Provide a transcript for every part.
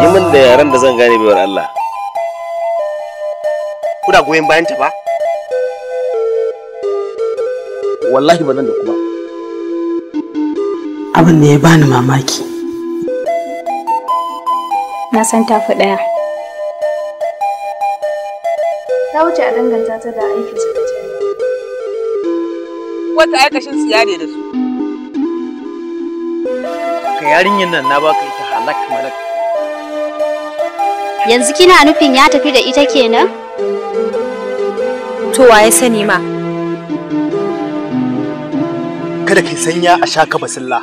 yi min da yaren da zan gane baiwar Allah kuna goyon bayanta ba wallahi ba nan da kuma abin da ya bani mamaki na san tafi ɗaya ta wuce a danganta ta da aikin sakacin wata aikashin siya ne da su yarinyar nan na baka ita halak malak yanzu kina nufin ya tafi da ita kenan to waye sani ma kada ki sanya a shaka basilla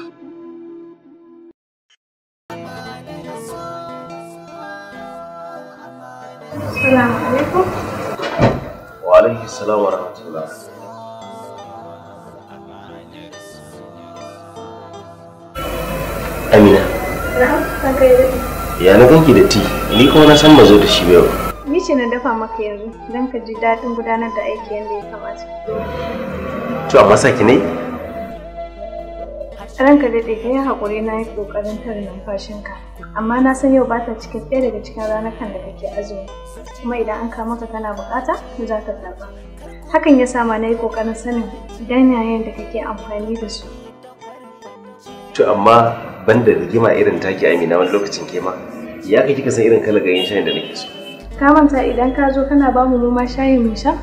Assalamu alaikum. Wa alaihi salam wa rahmatullah. Amina. Ya na ganki da ti, ni kuma na san ba zo da shi yau. Ni ce na dafa maka yanzu don ka ji daɗin gudanar da aiki yadda ya kamata. To amma saki ne? Ranka daɗe, ka yi haƙuri na yi ƙoƙarin tare ka, amma na san yau ba ta cikin ɗaya daga cikin ranakan da kake azumi, kuma idan an kama ka kana buƙata za ka zaɓa. Hakan ya sa ma na yi ƙoƙarin sanin idan yayin da kake amfani da su. To amma banda rigima irin taki amina wani lokacin ke ma ya kai kika san irin kala ganyen shayin da nake so ka manta idan ka zo kana ba mu noma shayi mai sha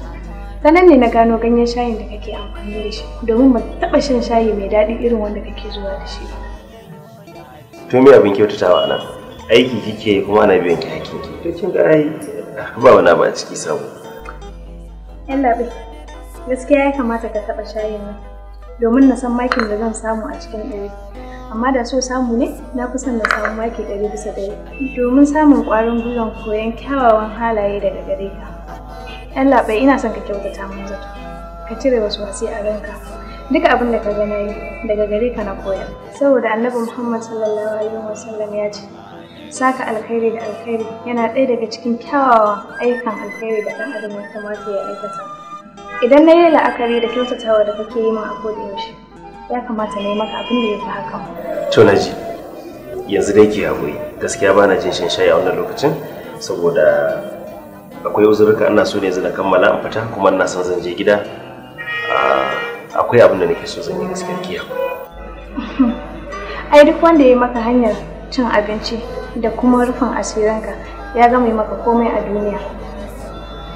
ta nan ne na gano ganyen shayin da kake amfani da shi domin ba taɓa shan shayi mai daɗi irin wanda kake zuwa da shi to me abin kyautatawa nan aiki kike kuma ana biyan ki hakkin ki to kin ga ai ba wani ba a ciki sabo yalla bai gaskiya ya kamata ka taɓa shayin nan domin na san makin da zan samu a cikin dare. amma da so samu ne na kusan na samu maki ɗari bisa ɗari domin samun ƙwarin gwiwan koyon kyawawan halaye daga gare ka ɗan ina son ka kyautata mun zato ka cire wasu wasi a ranka duka abin da ka ga yi daga gare ka na koya saboda annabi muhammad sallallahu alaihi sallam ya ce saka alkhairi da alkhairi yana ɗaya daga cikin kyawawan aikan alkhairi da ɗan adam ya kamata ya aikata idan na yi la'akari da kyautatawa da kake yi min a kodiyaushe ya kamata na yi maka abin da ya fi haka. To na ji, yanzu dai ke haƙuri, gaskiya ba na jin shayi a wannan lokacin saboda akwai uzurka ina so ne yanzu na kammala in fita kuma ina son zan je gida. Ah, akwai abin da nake so zan yi gaskiya ke Ai duk wanda ya maka hanyar cin abinci da kuma rufin asiranka ya gama yi maka komai a duniya.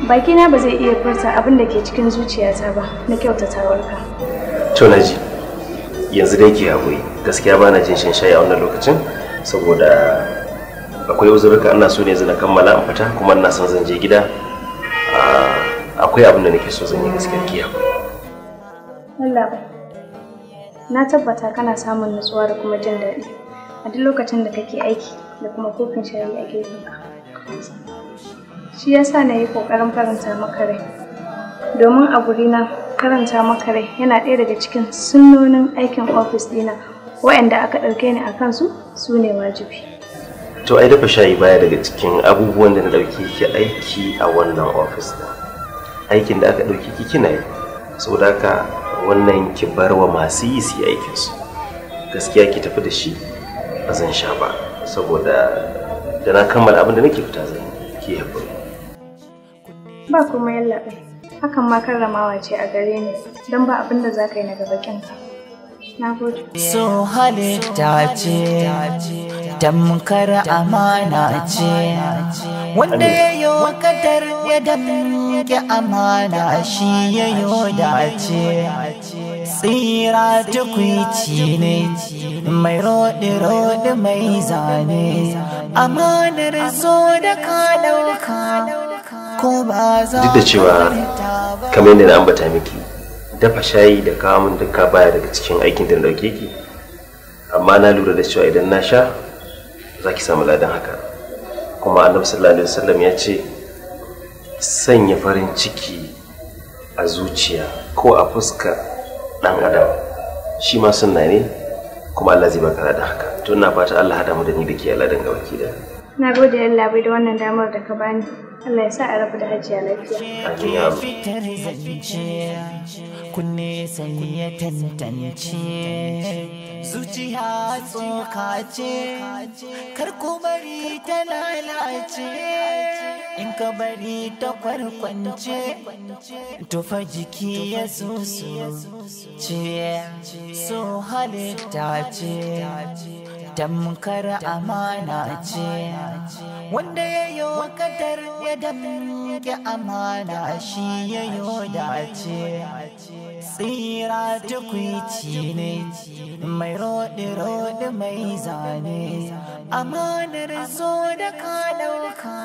Bakina ba zai iya furta abin da ke cikin zuciyata ba na kyautatawarka. To na ji. yanzu dai ke haƙuri gaskiya ba na jin shan shayi a wannan lokacin saboda akwai uzurka ana so ne yanzu na kammala in fita kuma ina son zan je gida ah, akwai abin da nake so zan yi gaskiya ke haƙuri. Allah na tabbata kana samun nutsuwa da kuma jin daɗi a duk lokacin da kake aiki da kuma kofin shayi a gefenka. Shi yasa na yi ƙoƙarin faranta maka rai domin a gurina karanta maka rai yana ɗaya daga cikin sunnonin aikin ofis dina waɗanda aka ɗauke ni a kansu su ne wajibi. To ai dafa shayi baya daga cikin abubuwan da na ɗauke ki aiki a wannan ofis da Aikin da aka ɗauke ki kina yi, saboda haka wannan ki bar wa masu yi su aikin su. Gaskiya ki tafi da shi ba zan sha ba, saboda da na kammala abin da nake fita zan ki haƙuri. Ba kuma yallaɓai. hakan ma karramawa ce a gare ni don ba abin da za ka yi na gaba kinka. na gode so halitta ce tamkar amana ce wanda ya yi wa kadar ya damke amana shi ya yi dace tsira tukwici ne mai roɗi-roɗi mai zane amanar zo da ka ɗauka duk da cewa kamar yadda na ambata miki dafa shayi da kawo min duka baya daga cikin aikin da na dauke ki amma na lura da cewa idan na sha za ki samu ladan haka kuma annabi sallallahu alaihi wasallam ya ce sanya farin ciki a zuciya ko a fuska dan adam shi ma sunna ne kuma Allah zai baka ladan haka to ina fata Allah hada mu da ni da ke ladan gaba ki da na gode Allah bai da wannan damar da ka bani Allah ya sa a rabu da hajiya lafiya. Fitar zance, kunne sai ya tantance. Zuciya tsoka ce, kar ku bari ta lalace. In ka bari ta kwarkwance, tufa jiki ya susu ce, so halitta ce. tamkar amana ce wanda ya yi wa ya damke amana shi ya yi ce tsira tukwici ne mai roɗe-roɗe, mai zane amanar zo da ka ɗauka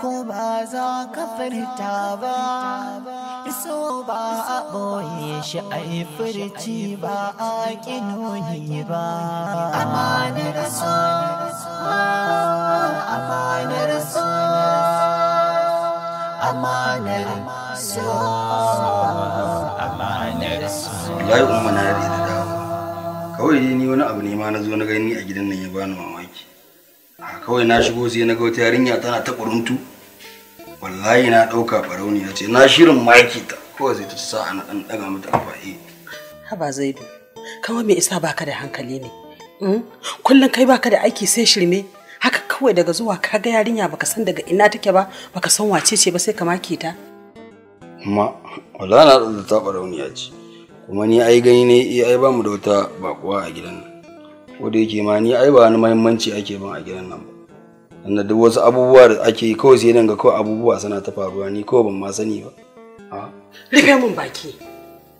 ko ba za ka farta ba so ba a ɓoye shi a yi furci ba a ƙinoni ba amanar so amanar so amanar so amanar so yayi umma na da dawo kawai dai ni wani abu ne ma na zo na gani a gidan nan ya bani mamaki kawai na shigo sai na ga wata yarinya tana ta kuruntu wallahi na ɗauka farauni ya ce na shirin maki ta kowa zai ta sa ana ɗan ɗaga mata alfa'i eh. haba zaidu kawai me isa baka da hankali ne hmm? kullum kai baka da aiki sai shirme haka kawai daga zuwa ka ga yarinya baka san daga ina take ba baka san wace ce ba sai ka maki ta ma wallahi na da ta farauni ya ce kuma ni ai gani ne eh, ai ba mu da wata baƙuwa a gidan nan ko da yake ma ni ai ba wani muhimmanci ake ban a gidan nan ba na duk wasu abubuwa da ake yi kawai sai nan ga kawai abubuwa suna ta faruwa ni kawai ban ma sani ba rufe mun baki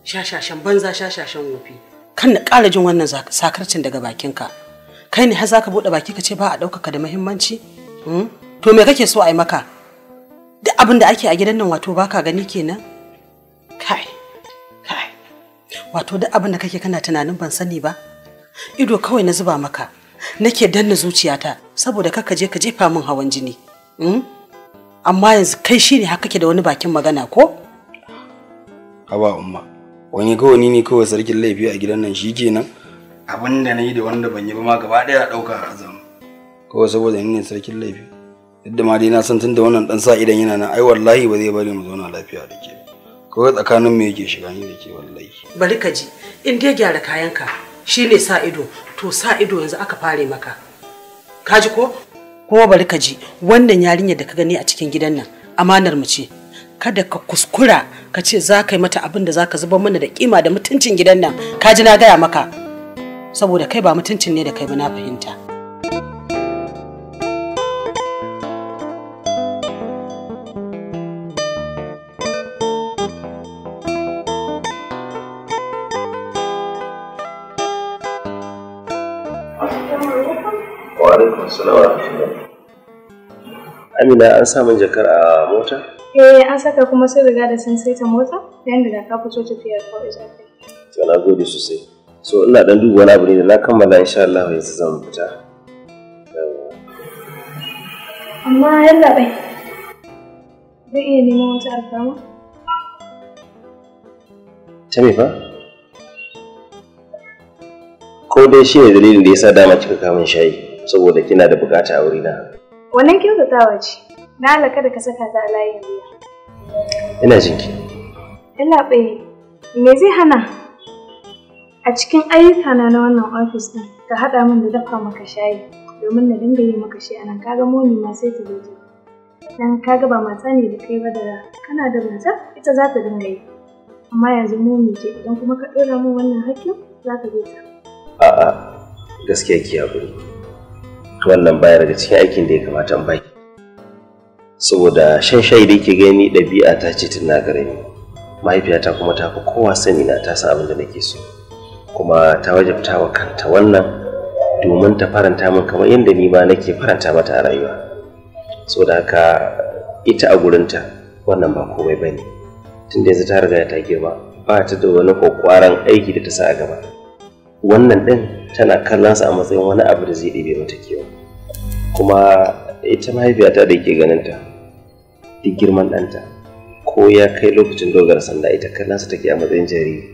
shashashan banza shashashan wofi kan na ƙara jin wannan sakarcin daga bakinka kai ne har za ka buɗe baki ka ce ba a ɗaukaka da muhimmanci hmm? to me kake so a yi maka duk abin da ake a gidan nan wato baka gani kenan kai kai wato duk abin da kake kana tunanin ban sani ba ido kawai na zuba maka nake danna zuciyata saboda kaka je ka jefa min hawan jini hmm? amma yanzu kai shine haka ke da wani bakin magana ko haba umma wani kawai ni ne kawai sarkin laifi a gidan nan shikenan abin da na yi da wanda ban yi ba ma gaba daya dauka a azam kawai saboda ni ne sarkin laifi duk da ma dai na san tun da wannan dan sa idan yana nan ai wallahi ba zai bari mu zauna lafiya da ke kawai tsakanin mu yake shiga ni da ke wallahi bari ka ji in dai gyara kayanka shine sa ido to sa ido yanzu aka fare maka kaji ko kuma bari ka ji wannan yarinyar da ka gani a cikin gidan nan amanar mu ce kada ka kuskura ka ce za ka yi mata abin da za ka zuba mana da kima da mutuncin gidan nan kaji na gaya maka saboda kai ba mutuncin ne da kai ba na fahimta Amina an sa min jakar a mota? Eh an saka kuma sun riga da sun saita mota dan da ka fito tafiyar kawai za ka To na gode sosai. So ina dan duba wani abu ne da na kammala insha Allah yanzu zan fita. Amma yalla bai. Zai iya neman wata alfama? Ta me fa? ko dai shi ne dalilin da ya sa dama kika kamun shayi saboda kina da bukata a wurina wannan kyautatawa ce na alaka da ka saka ta layin biya ina jinki ina bai me zai hana a cikin ayyuka na wannan ofis din ka haɗa min da dafa maka shayi domin na dinga yi maka shi anan kaga moni ma sai ta zo dan kaga ba mata ne da kai ba da kana da mata ita za ta dinga yi amma yanzu moni ce idan kuma ka ɗora min wannan hakkin za ka je ta a'a gaskiya ki hakuri wannan baya daga cikin aikin da ya kamata in baki saboda shan shayi da yake gani ɗabi'a ta ce tun na gare mahaifiyata kuma ta fi kowa sani na ta san abin da nake so kuma ta wajabta wa kanta wannan domin ta faranta min kamar yadda ni ba nake faranta mata a rayuwa saboda haka ita a gurinta wannan ba komai ba ne tun da yanzu ta riga ta girma ba ta da wani kwakwaran aiki da ta sa a gaba wannan ɗin tana kallon sa a matsayin wani abu da zai ɗebe mata kewa kuma ita mahaifiyata da ke ganinta duk girman ɗanta ko ya kai lokacin dogar sanda ita kallon sa take a matsayin jariri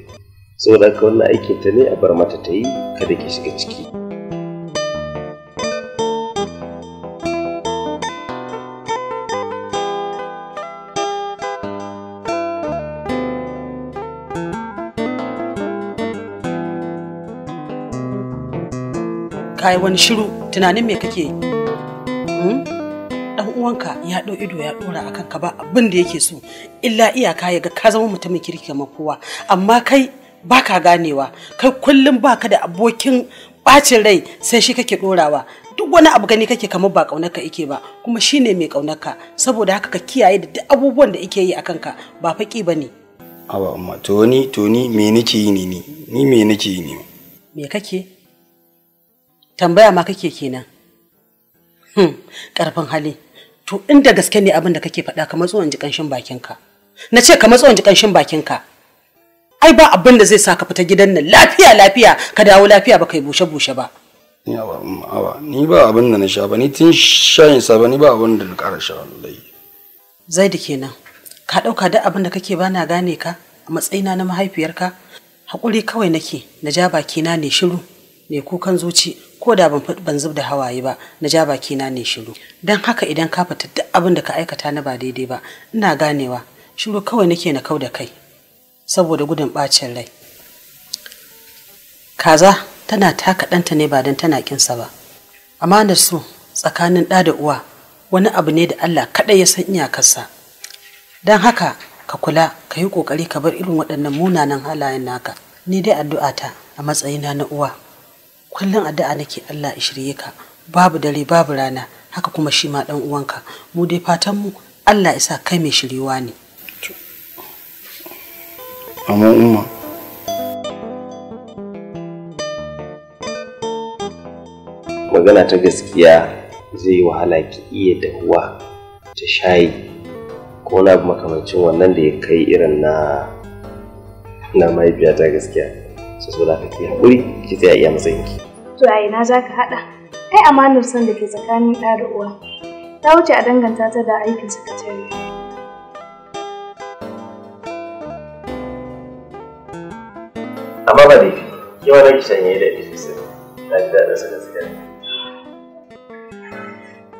saboda haka wannan aikin ta ne a bar mata ta yi kada ki shiga ciki. kayi wani shiru tunanin me kake yi hmm? dan uwanka ya ɗau ido ya ɗora a kanka ba abin da yake so illa iyaka ya ga ka zama mutumin kirki ma kowa amma kai baka ganewa kai kullum baka da abokin bacin rai sai shi kake ɗorawa duk wani abu gani kake kamar ba kaunarka yake ba kuma shine mai ka saboda haka ka kiyaye da duk abubuwan da yake yi a kanka ba faki ba ne awa amma to ni to ni me nake yi ni ni me nake yi ne me kake tambaya ma kake kenan hmm karfin hali to inda gaske ne abin da kake faɗa ka matso in ji ƙanshin bakinka na ce ka matso in ji ƙanshin bakinka ai ba abin da zai sa ka fita gidan nan lafiya lafiya ka dawo lafiya ba kai bushe bushe ba yawa ni ba abin da na sha ba ni tun shayin sa ba ni ba abin da na ƙara sha wallahi da kenan ka ɗauka duk abin da kake ba na gane ka a matsayina na mahaifiyarka haƙuri kawai nake na ja bakina ne shiru ne kukan zuci ko da ban ban zub da hawaye ba na ja baki ne shiru dan haka idan ka fita duk abin da ka aikata na ba daidai ba ina ganewa shiru kawai nake na kau da kai saboda gudun bacin rai kaza tana taka ɗanta ne ba dan tana kinsa ba amanar su tsakanin ɗa da uwa wani abu ne da Allah kaɗai ya san iyakarsa dan haka ka kula ka yi ƙoƙari ka bar irin waɗannan munanan halayen naka ni dai addu'ata a matsayina na uwa kullum addu'a nake Allah ya shirye ka babu dare babu rana haka kuma shi ma dan uwanka mu dai fatan mu Allah ya sa kai mai shiriwa ne amma umma magana ta gaskiya zai wahala ki iya dahuwa ta shayi ko na makamancin wannan da ya kai irin na na ta gaskiya su so za ka ki ki tsaya iya matsayin ki. To a ina za ka haɗa? Kai amanar son da ke tsakanin ɗa da uwa. Ta wuce a danganta ta da aikin sakatare. Amma ba dai, yawa na kishan yayi da ɗin sosai. Na ji daɗin sa gaskiya.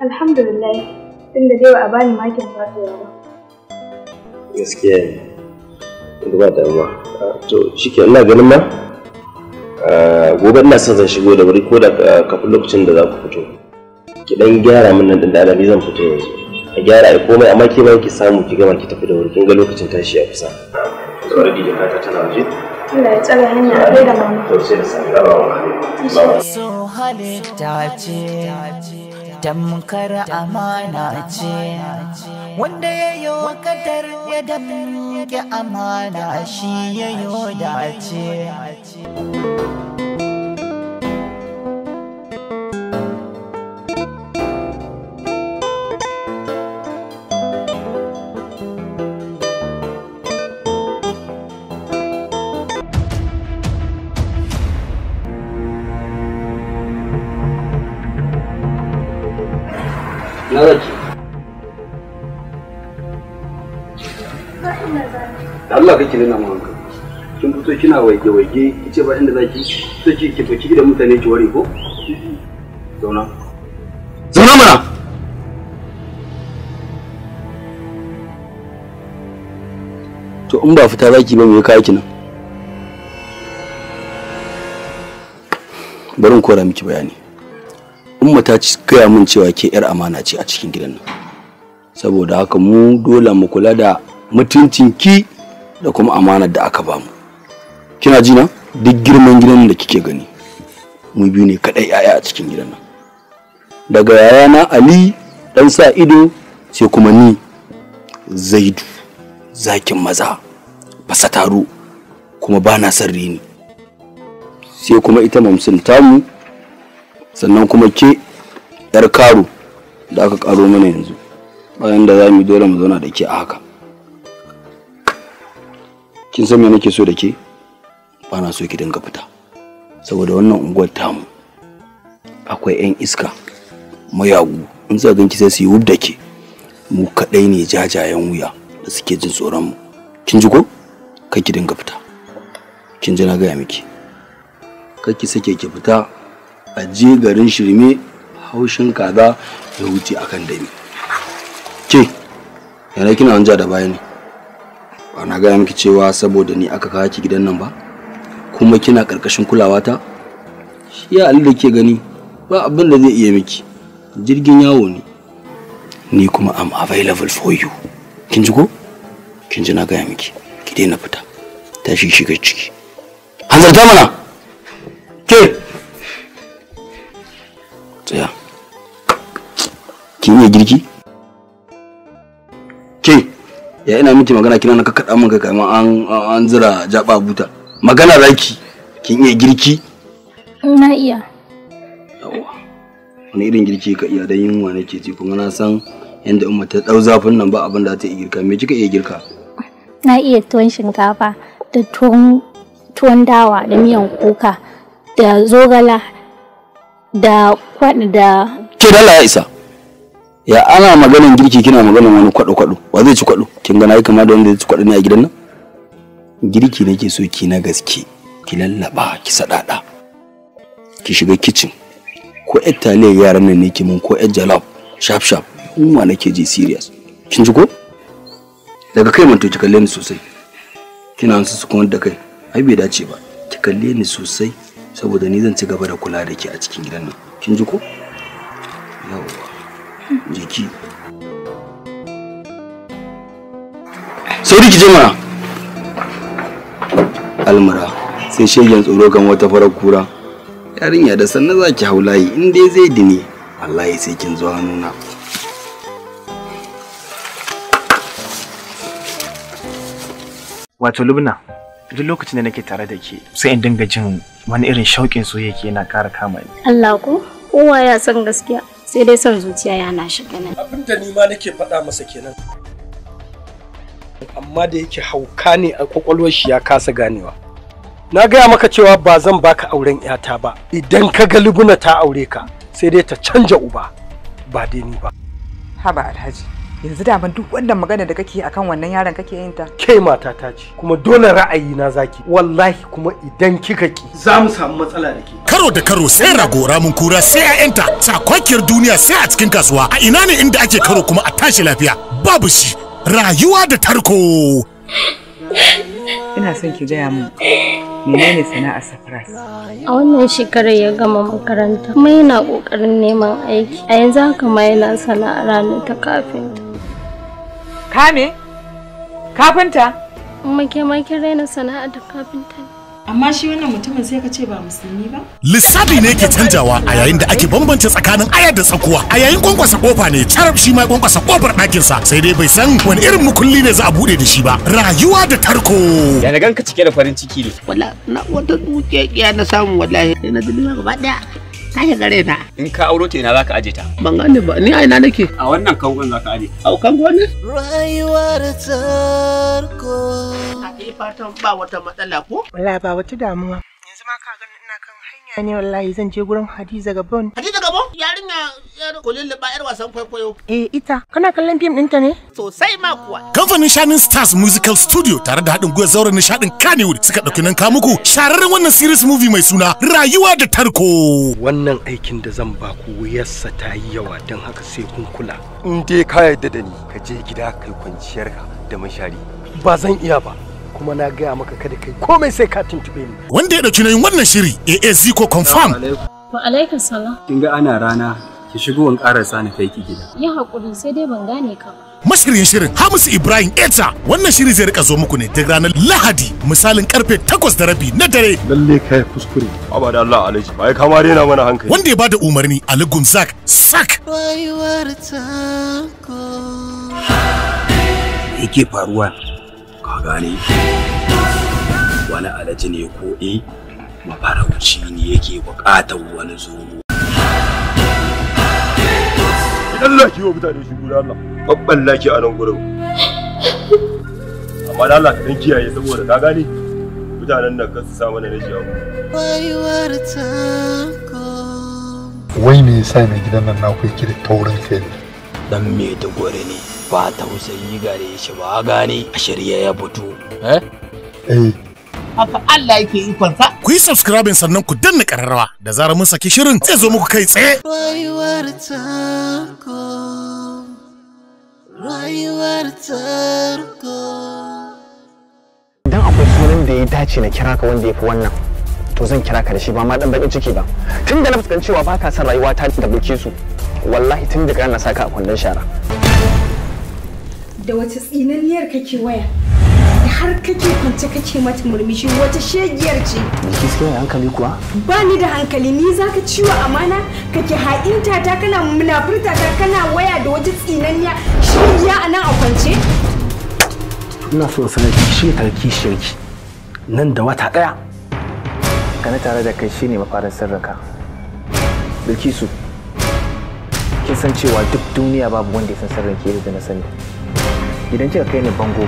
Alhamdulillah, tunda dai ba a bani makin fata ba. Gaskiya ne. Ba damuwa. Ah, to, shi ke ina ganin ma? Eh, gobe ina son zan shigo da wuri ko da eh, kafin lokacin da za ku fito ki dan gyara min nan da alami zan fito yanzu a gyara ai komai amma ke ki samu ki gama ki tafi da wuri kin ga lokacin tashi ya kusa zuwa da ka tana waje da mama to So halitta ce tamkar amana ce wanda ya yi wa kadar ya damke amana shi ya yi dace. na Allah kake nuna mu hankali kin fito kina waje waje kice ba inda zaki so ki ki fiki da mutane ki ware ko zauna zauna mana to in ba fita zaki ba me kai kina? bari in kora miki bayani umma ta gaya mun cewa ke yar amana ce a cikin gidan nan saboda haka mu dole mu kula da mutuncin ki da kuma amanar da aka bamu kina ji na duk girman gidan da kike gani mu biyu ne kadai yaya a cikin gidan nan daga yaya na ali dan sa ido sai kuma ni zaidu zakin maza fasa taro kuma ba na son rini sai kuma ita mamsin tamu sannan kuma ke yar karo da aka karo mana yanzu bayan da za mu dole mu zauna da ke a haka kin san me nake so da ke ba na so ki dinga fita saboda wannan unguwar tamu akwai 'yan iska mayagu in za ganki sai su yi da ke mu kaɗai ne jajayen wuya da suke jin tsoron mu kin ji ko kai ki dinga fita kin ji na gaya miki kai ki sake ki fita a je garin shirme haushin kaza ya wuce akan dami ke yana kina an da baya ne ba na gaya miki cewa saboda ni aka kawo ki gidan nan ba kuma kina karkashin kulawa ta shi ya da ke gani ba abin da zai iya miki jirgin yawo ne ni kuma am available for you kin ji ko kin ji na gaya miki ki daina fita tashi shiga ciki hanzarta mana ke kin iya girki ke ya ina miki magana kina na kakkaɗa min kai, kama an an zira jaba buta magana raki kin iya girki na iya yawa wani irin girki ka iya dan yunwa nake ji kuma na san yanda umma ta dau zafin nan ba abin da ta iya girka me kika iya girka na iya tuwon shinkafa da tuwon tuwon dawa da miyan kuka da zogala da kwaɗi da ke dala ya isa ya ana maganin girki kina maganin wani kwado kwado wa zai ci kwado kin ga nayi kama da wanda zai ci kwado ne a gidan nan girki nake so ki na gaske ki lallaba ki sadada ki shiga kitchen ko yar taliyar yaran nan ne ki mun ko yar jalab sharp sharp kuma nake ji serious kin ji ko daga kai mun to ki kalle ni sosai kina su su kuma da kai ai bai dace ba ki kalle ni sosai saboda ni zan ci gaba da kula da ki a cikin gidan nan kin ji ko yawa jiki sauri ki je mana almara sai shegen tsoro kan wata farar kura yarinya da sanna za ki hau layi in dai zai dine wallahi sai kin zo hannuna wato lubna duk lokacin da nake tare da ke sai in dinga jin wani irin shauƙin soyayya yake yana ƙara kama ni Allah ko Uwa ya san gaskiya sai dai son zuciya ya hana shi abin da ni ma nake faɗa masa kenan amma da yake hauka ne a kwakwalwar shi ya kasa ganewa na gaya maka cewa ba zan baka auren yata ba idan ka ga libuna ta aure ka sai dai ta canja uba ba dai ni ba haba alhaji yanzu da ban duk wannan magana da kake akan wannan yaron kake yin ta ke mata ta ce kuma dole ra'ayi na zaki wallahi kuma idan kika ki za mu samu matsala da ke karo da karo sai rago ramin kura sai a yanta sakwakiyar duniya sai a cikin kasuwa a ina ne inda ake karo kuma a tashi lafiya babu shi rayuwa da tarko ina son ki gaya min menene sana'a safras a wannan shekarar ya gama makaranta kuma yana kokarin neman aiki a yanzu haka ma yana sana'a ranar ta kafinta Ka me? Kafinta? Make makin raina sana'ar da kafinta ne. Amma shi wannan mutumin sai ka ce ba musulmi ba? Lissafi ne ke canjawa a yayin da ake bambance tsakanin ayar da tsakuwa. A yayin kwankwasa kofa ne, carab shi ma kwankwasa kofar ɗakinsa sai dai bai san wani irin mukulli ne za a buɗe da shi ba. Rayuwa da tarko. Ya na ganka cike da farin ciki ne. Wala na wata dukiya na samu wallahi. Na dubiya gaba ɗaya. kai ya ta. In ka auro ta ina zaka ka aje ta. Ban gane ba ni a ina nake. A wannan kangon zaka ka aje. A kangon ne? Rayuwar tarko. A fatan ba wata matsala ko? Wala ba wata damuwa. Yanzu ma ka gani ne wallahi zan je gurin Hadiza Gabon. Hadiza Gabon? Yarinya yar kulilliba yar wasan kwaikwayo. Eh ita, kana kallon fim ɗinta ne? Sosai ma kuwa. Kamfanin Shining Stars Musical Studio tare da haɗin gwiwar zauren nishaɗin Kannywood suka ɗauki nan ka muku shararren wannan series movie mai suna Rayuwa da Tarko. Wannan aikin da zan ba ku wuyarsa ta yi yawa don haka sai kun kula. In dai ka yarda da ni ka je gida kai kwanciyarka da mashari. Ba zan iya ba. kuma na gaya maka kada kai komai sai ka tuntube ni wanda ya dauki nayin wannan shiri AAC ko confirm wa alaikum salam kin ga ana rana ki shigo in karasa sani kai ki gida ya hakuri sai dai ban gane ka mashiryin shirin Hamisu Ibrahim Eta wannan shiri zai rika zo muku ne duk ranar Lahadi misalin karfe 8 da rabi na dare lalle kai kuskure aba da Allah alaji bai kama na mana hankali wanda ya bada umarni Ali Gumzak sak yake faruwa ka gane wani alaji ne ko e mafarauci ne yake bukatar wani zomo idan laki wa mutane shi guda Allah babban laki a nan gurin amma da Allah ka dan kiyaye saboda ka gane mutanen nan kan su sa mana rashi abu wai me yasa mai gidan nan na yake da taurin kai dan me ta gore ne ba tausayi gare shi ba gane a shirye ya fito eh, eh. haka Allah yake sa. Ku yi subscribing sannan ku danna ƙararrawa da zarar mun saki shirin zai zo muku kai tsaye. Rayuwar tarko, rayuwar tarko. Idan akwai sunan da ya dace na kira ka wanda ya fi wannan, to zan kira ka da shi ba ma dan bakin ciki ba. Tun da na fuskanci cewa baka son rayuwa ta da buke su, wallahi tun da na saka a kwandon shara. da wata tsinanniyar kake waya da har kake kwance kake mata murmushi wata shegiyar ce gaskiya da hankali kuwa ba ni da hankali ni zaka ciwo amana kake ha'inta ta kana munafurta ta kana waya da wata tsinanniya shegiya a nan a kwance ina so sanar ki shi tarki shirki nan da wata daya kana tare da kai shine mafarin sirrinka bilkisu kin san cewa duk duniya babu wanda ya san sirrinki da na sani idan kika kai ni bango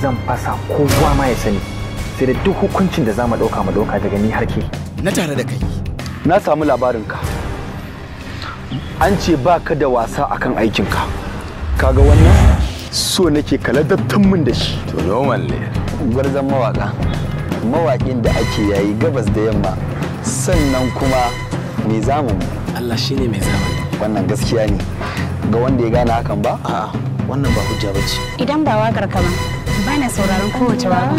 zan fasa kowa ma ya sani sai da duk hukuncin da za mu ɗauka mu ɗauka daga ni har ke. Na tare da kai. Na samu labarinka. An ce ba ka da wasa akan aikinka. Kaga wannan so nake kala dattan min da shi. To noman ne. Gwarzon mawaƙa. Mawaƙin da ake yayi gabas da yamma. Sannan kuma mai zamu. Allah shine mai zamani. Wannan gaskiya ne. Ga wanda ya gane hakan ba? A'a. wannan ba hujja ba ce idan ba wakar ka ba ba na sauraron kowace waka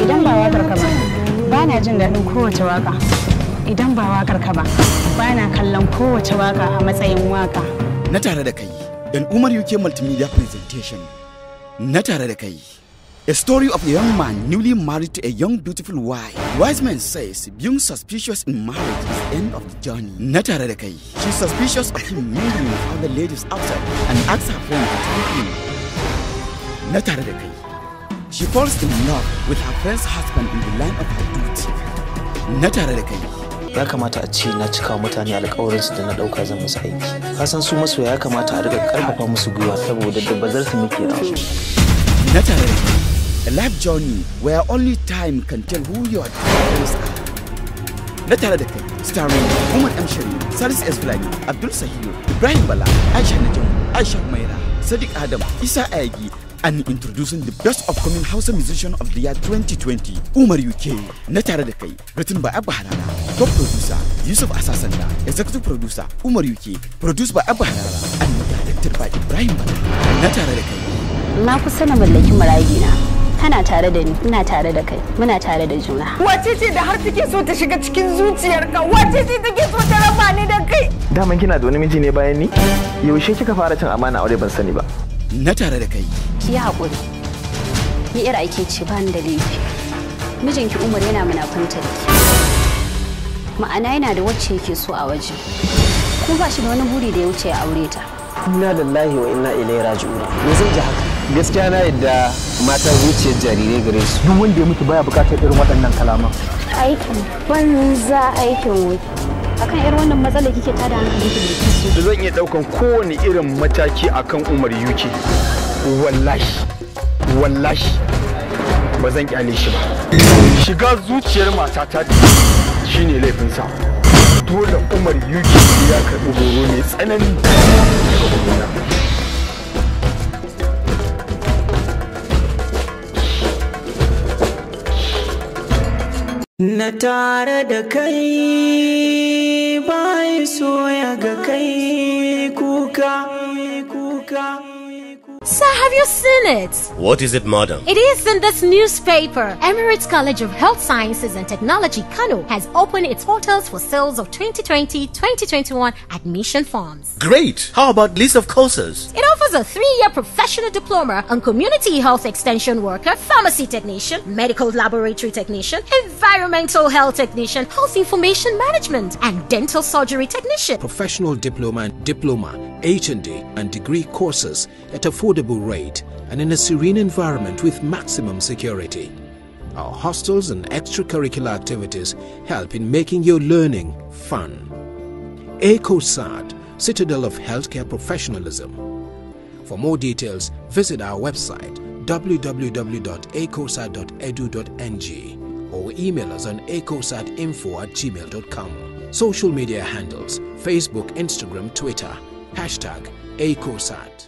idan ba wakar ka ba ba na jin daɗin kowace waka idan ba wakar ka ba ba na kallon kowace waka a matsayin waka na tare da kai dan umar uk multimedia presentation na tare da kai A story of a young man newly married to a young beautiful wife. Wise man says being suspicious in marriage is the end of the journey. Na tare da kai. She's suspicious of him meeting with other ladies outside and asks her friend to take him. Na tare da kai. She falls in love with her friend's husband in the line of her duty. Na tare da kai. ya kamata a ce na cika mutane su da na dauka zan musu aiki kasan su masoya ya kamata a riga karfafa musu gwiwa saboda da bazar su muke rawa na tare da kai A life journey where only time can tell who your parents are. Na tare da kai, starring Umar M. Sharif, Salis S. Vladi, Abdul Sahilu, Ibrahim Bala, Aisha Najam, Aisha Humaira, Sadiq Adam, Isa Ayagi, and introducing the best upcoming Hausa musician of the year 2020, Umar UK, na tare da kai, written by Abba Harana, top producer Yusuf Asasanda, executive producer Umar UK, produced by Abba Harana, and directed by Ibrahim Bala, na tare da kai. Na kusa na mallaki marayina. kana tare da ni ina tare da kai muna tare da juna wace ce da har take so ta shiga cikin zuciyarka wace ce take so ta raba ni da kai daman kina da wani miji ne bayan ni yaushe kika fara cin amana aure ban sani ba na tare da kai ki hakuri ni yar aiki ce ba ni da laifi mijinki umar yana munafunta da ke ma'ana yana da wacce yake so a waje ko ba shi da wani buri da ya wuce ya aure ta inna lillahi wa inna ilaihi raji'un me zai ji haka gaskiya na yadda mata zuciyar jarirai gare su duk wanda ya mutu baya bukatar irin waɗannan kalaman aikin banza aikin wuce akan irin wannan matsalar kike ta da hankali ki su da zan iya daukan kowane irin mataki akan Umar UK wallahi wallahi ba zan kyale shi ba shiga zuciyar matata shine sa, dole Umar UK ya karɓi horo ne tsanani daga gwamnati Na tare da kai bayan soya ga kai kuka kuka Sir, have you seen it? What is it, madam? It is in this newspaper. Emirates College of Health Sciences and Technology, Kano, has opened its portals for sales of 2020-2021 admission forms. Great! How about list of courses? It offers a three-year professional diploma on community health extension worker, pharmacy technician, medical laboratory technician, environmental health technician, health information management, and dental surgery technician. Professional diploma and diploma h and degree courses at affordable rate and in a serene environment with maximum security. Our hostels and extracurricular activities help in making your learning fun. ACOSAT, Citadel of Healthcare Professionalism. For more details, visit our website www.acosat.edu.ng or email us on acosatinfo at gmail.com. Social media handles Facebook, Instagram, Twitter Hashtag ACOSAT.